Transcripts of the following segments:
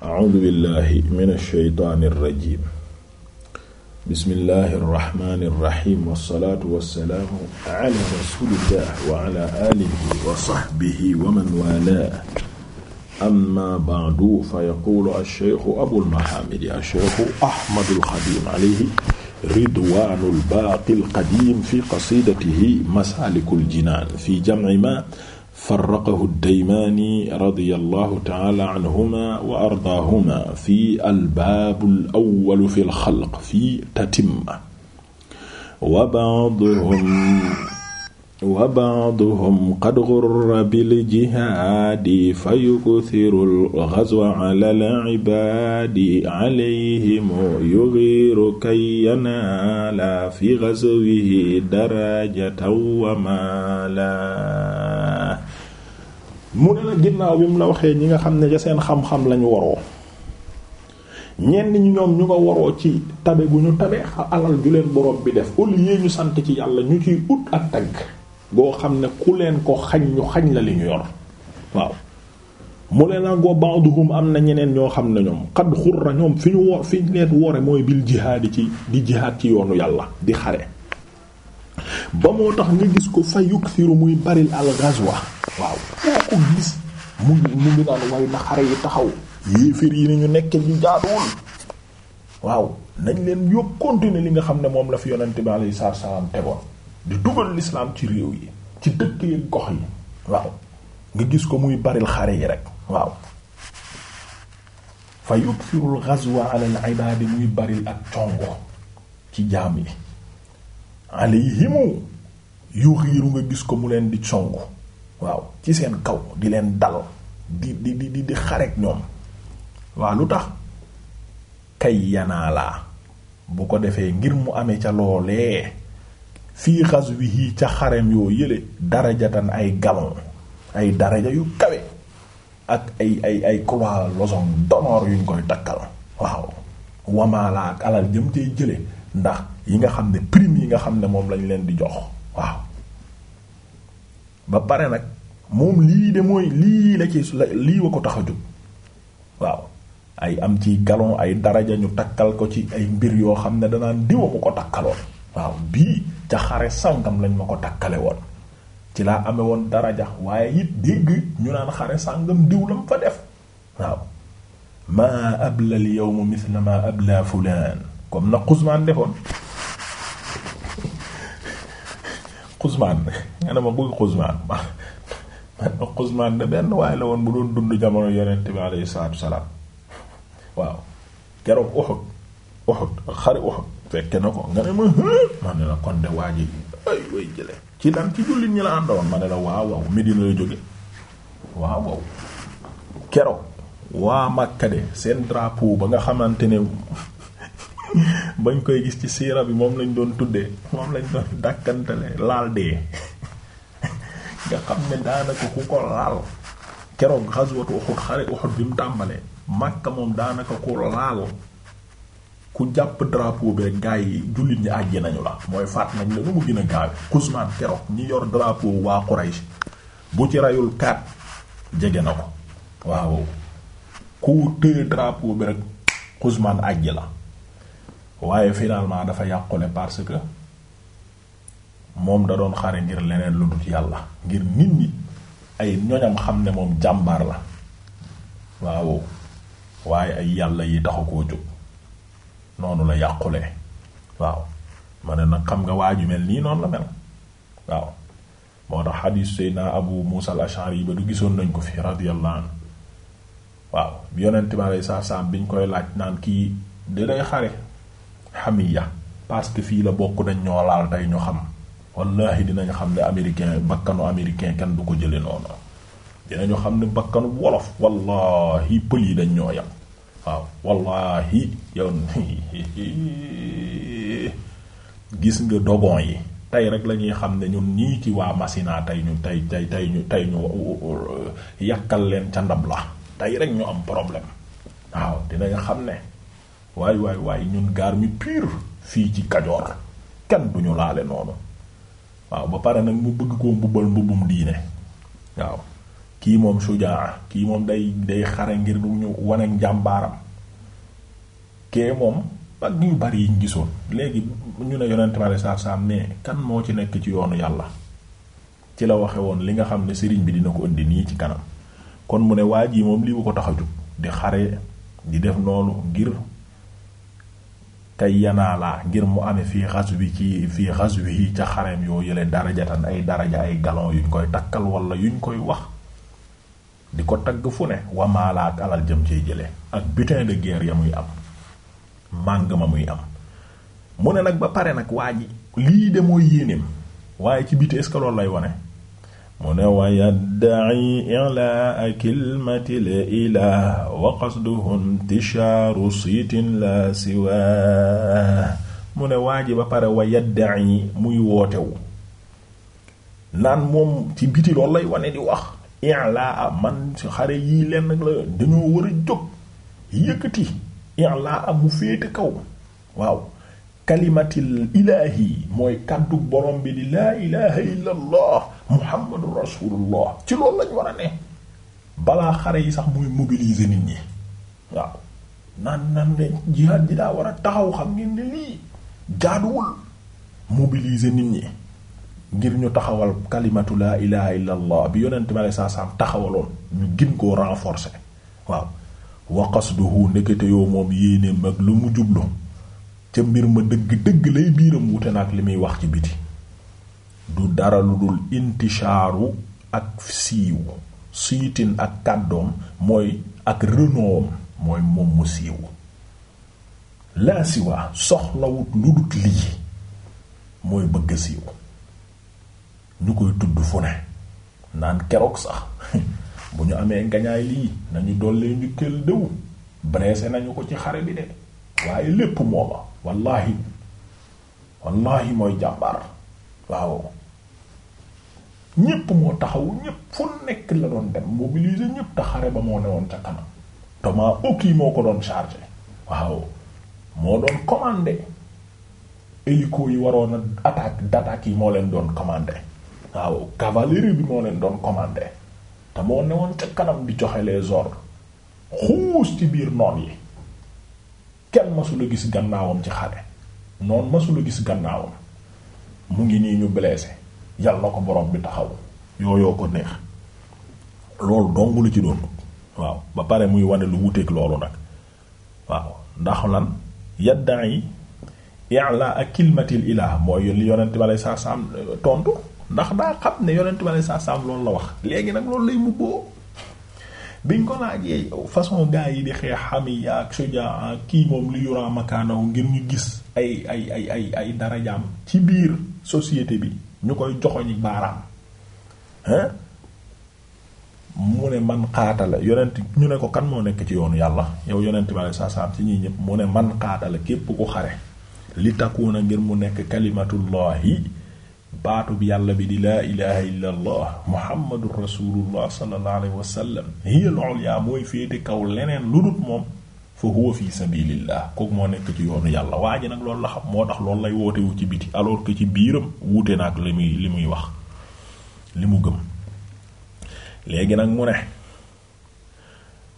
a'uudu billahi min ash-shaytaani ar-rajiim bismillahi irrahmani irrahim wassalaatu wassalaamu ala rasulillah wa ala aalihi wa sahbihi wa man waalaahu amma ba'du fa yaquulu ash-shaykhu abul mahaamidi ash-shaykhu ahmadul xadiim alayhi ridwaanul baaqil qadiim fi qasiidatihi masaalikul jinaan fi jam'i maa farraqahu daymaani radiyallahu taala anhuma wa ardaahuma fi albaabul awwal fi lxalq fi tatimma wa ba'duhum wa ba'duhum qad ghurra bil jihaadi fa yukthiru al-ghazwa ala al-ibaadi alayhim yughiru kay yanaala fi ghazwihi darajatan wa maala mu ne la ginnaaw bi mu la waxee ñi nga xam ne ca seen xam-xam lañu waroo ñenn ñi ñoom ñu nga waroo ci tabe gu ñu tabe alal ju leen borom bi def au lieu ñu sant ci yàlla ñu ciy ut ak tagg boo xam ne ku leen ko xañ ñu xañ la li ñu yor waaw mu leen ak wa ba'duhum am na ñeneen ñoo xam ne ñoom xad xurra ñoom fi ñu wor fi ñu leen wore mooy bil jihaadi ci di jihaad ci yoonu yàlla di xare ba moo tax nga gis ko fa yukthiru muy baril al ghazwa waaw foo ko gis mu ngi mu ngi naan way na xare yi taxaw yéeféer yi nañu ñu nekk ñu jaaduwul waaw nañ leen yób continuer li nga xam ne moom la fi yonent bi alayhi salaatu salaam tegoon di dugal l'islam réew yi ci dëkk yi nga gis ko muy baril xare yi rek waaw fa yuksirul ghazwa ala al ak congo ci jaam yi alayhimu gis ko mu leen di congo waaw ci seen kaw di leen dal di di di di xareek ñoom waaw lu tax kay yanaalaa bu ko defee ngir mu amee ca loolee fii ghazwihi ca xarem yoo yële darajatan ay gamon ay daraja yu kawe ak ay ay ay croix loson yuñ koy takkal waaw wamaalaa ak alal jëm cee jële ndax yi nga xam ne prime yi nga xam ne moom lañu leen di jox waaw ba pare nag moom lii de mooy lii la ci lii wa ko tax a jóg waaw ay am ci galon ay daraja ñu takkal ko ci ay mbir yoo xam ne danaan diwa mu ko takkaloon waaw bii ca xare sàngam lañ ma ko takkale woon ci laa amewoon daraja waaye it dégg ñu naan xare sàngam diw la mu fa def waaw maa abla al na mithla ma abla fulaan comme na Quzman defoon xusmaan nga ne ma buy xusmaan man ma xusmaan de benn waaye la woon bu doon dund jamono yonent bi alayhi salaatu salaam waaw keroog Uhud Uhud xari Uhud fekke na ko nga ne ma ma ne la kon de waa ji ci daan ci jullit ñi la àndoon ma ne la waaw waaw Medina la jóge waaw waaw keroog waa Makka de seen drapeau ba nga xamante ne bañ koy gis ci siira bi moom lañu doon tuddee moom lañ doon dàkkantale laal dee nga xam ne daanaka ku ko laal keroog xaswatu Uhud xare Uhud bi mu tàmbalee Makka moom daanaka ku laal ku jàpp drapeau bi rek gaa yi jullit ñi àjji nañu la mooy fàtt nañ la nu mu gën a gaawe Usmaan keroog ñi yor drapeau waa Quraysh bu ci rayul kaat jege na ko waaw ku tëye drapeau bi rek Usmaan àjji la waaye finalement dafa yàqule parce que moom da doon xare ngir leneen lu dul yàlla ngir nit ñi ay ñoñam xam ne moom jàmbaar la waaw waaye ay yàlla yi taxu koo jóg noonu la yàqule waaw ma ne nag xam nga waaju mel nii noonu la mel waaw moo tax xadiis Seydina Abu Muusa al yi ba du gisoon nañ ko fi radiyallahu anhu waaw yonent bi alayhi salaam biñ koy laaj naan kii di day xare xamiya parce que fii la bokk dañ ñoo laal tey ñu xam wallahi dinañ xam ne américain bakkanu américain kenn du ko jële noonu dinañu xam ne bakkanu wolof wallahi pël yi dañ ñoo yam waaw wallahi yow gis nga dogon yi tey rek la ñuy xam ne ñun ñii ci waa Masina tey ñu tey tey tey ñu tey ñu yàkkal leen ca ndab la tey rek ñu am problème waaw dinañ xam ne waay waay waay ñun gaar mi pur fii ci Kajoor kenn ñu laale noonu waaw ba pare nag mu bëgg koo mbubbal mbubbum diine waaw kii moom sujaa kii moom day day xare ngir lu ñu wane njàmbaaram kee moom ak ñu bari yiñ gisoon léegi ñu ne yonent ma saa saa mais kan moo ci nekk ci yoonu yàlla ci la waxe woon li nga xam ne sëriñ bi dina ko indi nii ci kanam kon mu ne waa jii moom lii bu ko tax a jóg di xare di def noonu ngir kay yanaalaa ngir mu amee fii xas wi ci fii xas wi ca xareem yoo yële darajatan ay dara ja ay galon yuñ koy takkal wala yuñ koy wax di ko tagg fu ne wamaala ak alal jëm ciy jële ak bitin de guerre ya muy am màng ma muy am mu ne nag ba pare nag waa ji lii de mooy yéeneem waaye ci biti est-ce que lay wane mu ne wa yaddaci ilaa kilmatil ilah wa qasduhu intishaaru siitin la siwaa mu ne waa ji ba pare wa yaddaci muy wootewu naan moom ci biti loolu lay wane di wax ilaa man si xare yii lenn la dañoo war a jóg yëkkati ilaa mu féete kaw waaw kalimatil ilaahi mooy kàddu borom bi di laa ilaha illa allah muhammadu rasulullah ci loolu lañ war a ne balaa xare yi sax muy mobiliser nit ñi waaw naan naan ne jihaad ji daa war a taxaw xam ngeen ne lii jaaduwul mobiliser nit ñi ngir ñu taxawal kalimatu laa ilaha illa bi yonent ma saa saam taxawaloon ñu gin koo renforcer waaw wa qasduhu ndekete yoo moom yéeneem ak lu mu jublu ca mbir ma dëgg dëgg lay biiram wute na ak li muy wax ci biti du dara lu dul intisaaru ak siiw suytin ak kàddoom mooy ak renoom mooy moom mu siiw laa siwaa soxlawut lu dut lii mooy bëgg siiw ñu koy tudd fu ne naan keroog sax bu ñu amee ngañaay lii nañu dollee njukkeel dëw breese nañu ko ci xare bi de waaye lépp mooma wallahi wallahi mooy jàmbaar waaw ñépp moo taxaw ñépp fu nekk la doon dem mobiliser ñépp te xare ba moo newoon ca kanam Thomas Hawking moo ko doon chargé waaw moo doon commandé hélico yi waroon a attaque d'attaque moo leen doon commandé waaw cavalerie bi moo leen doon commandé te moo newoon ca kanam di joxe les xuus ci biir noon yi kenn masula gis gannaawam ci xale noonu masula gis gannaawam mu ngi nii ñu blessé yàlla ko borom bi taxaw yooyoo ko neex loolu dong lu ci doon waaw ba pare muy wane lu wuteeg loolu nag waaw ndax lan yadda'i i'la ak kilmatil ilah mooy li yonent bi saa saam tontu ndax daa xam ne yonent bi saa saam loolu la wax léegi nag loolu lay mubboo biñ ko laajee yow façon gaa yi di xeex xami yaak sojaa kii moom li yuraa makaanaw ngir ñu gis ay ay ay ay ay darajaam ci biir société bi ñu koy joxoñi baaraam hein mu ne man xaatala yonent ñu ne ko kan moo nekk ci yoonu yàlla yow yonent bi alei saa salaam ci ñi ñëpp mu ne man xaatala képp ku xare li takkuuna ngir mu nekk kalimatullahi baatu baatub yàlla bi di laa ilaha illa allah muhammadur rasulullah sallallahu alayhi wa sallam hiya al-ulya mooy féete kaw leneen lu dul moom fa huwa fi sabilillah kooku moo nekk ci yoonu yàlla waa ji nag loolu la xam moo tax loolu lay wootewu ci biti alors que ci biiram wuute na ak li muy li muy wax li mu gëm léegi nag mu ne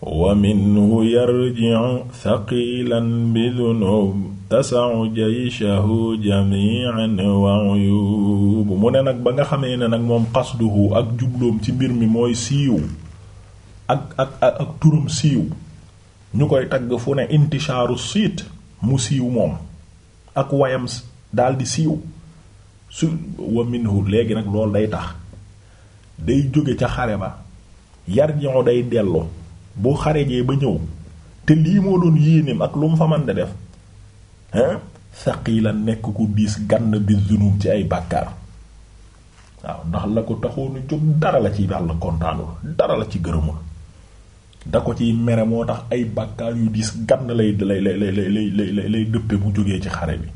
wa minhu yarji'u thaqilan bidunub tasau jayshahu jami'an wa uyub mu ne nag ba nga xamee ne nag moom qasduhu ak jubloom ci mbir mi mooy siiw ak ak ak turam siiw ñu koy tagg fu ne intishaaru siit mu siiw moom ak wayam daldi siiw su wa minhu léegi nag loolu day tax day jóge ca xare ba yarji'u day dellu boo xarejee ba ñëw te lii moo doon yéeneem ak lu mu fa man de def hein saqiilan nekk ku biis gann bi zunub ci ay bàkkaar waaw ndax la ko taxoonu jóg dara la ci yàlla kontaanul dara la ci gërëmul da ko ciy mere moo tax ay bàkkaar yu diis gann lay lay lay dëppe bu jógee ci xare bi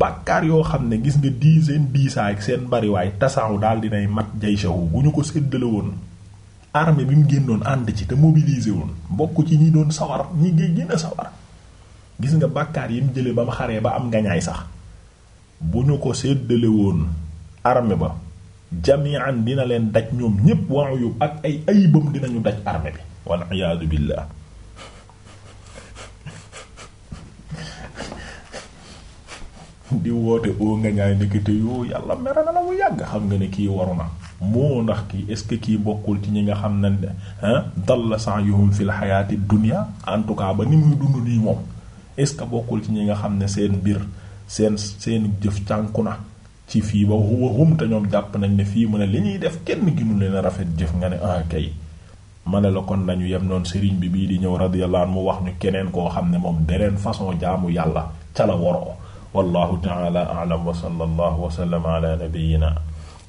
bàkkaar yoo xam ne gis nga dii seen diisaay ak seen bariwaay tasaaw daal dinay mat jay sawu bu ñu ko séddale woon armée bi mu génnoon ànd ci te mobilisé woon bokk ci ñi doon sawar ñi ngi sawar gis nga bàkkaar yi mu jëlee ba mu xaree ba am ngañaay sax bu ñu ko séddale woon armée ba jami'an dina leen daj ñoom ñépp waa yu ak ay ayibam dinañu daj arme bi wal iyaadu billah di woote oo ngañaay nekkite yoo yàlla mere na la mu yàgg xam nga ne kii waru moo ndax kii est ce que kii bokkul ci ñi nga xam ne dalla sa'yuhum fil hayati dunya en tout cas ba ni muy dund nii moom est ce que bokkul ci ñi nga xam ne seen mbir seen seen jëf cànku na ci fii ba wahum te ñoom jàpp nañ ne fii mu ne li ñuy def kenn ginu leen a rafet jëf nga ne ah kay ma ne la kon nañu yem noonu sëriñ bi bii di ñëw radiyallahu anhu mu wax ñu keneen koo xam ne moom beneen façon jaamu yàlla ca la waroo wallahu ta'ala a'lam wa sallallahu wa sallama ala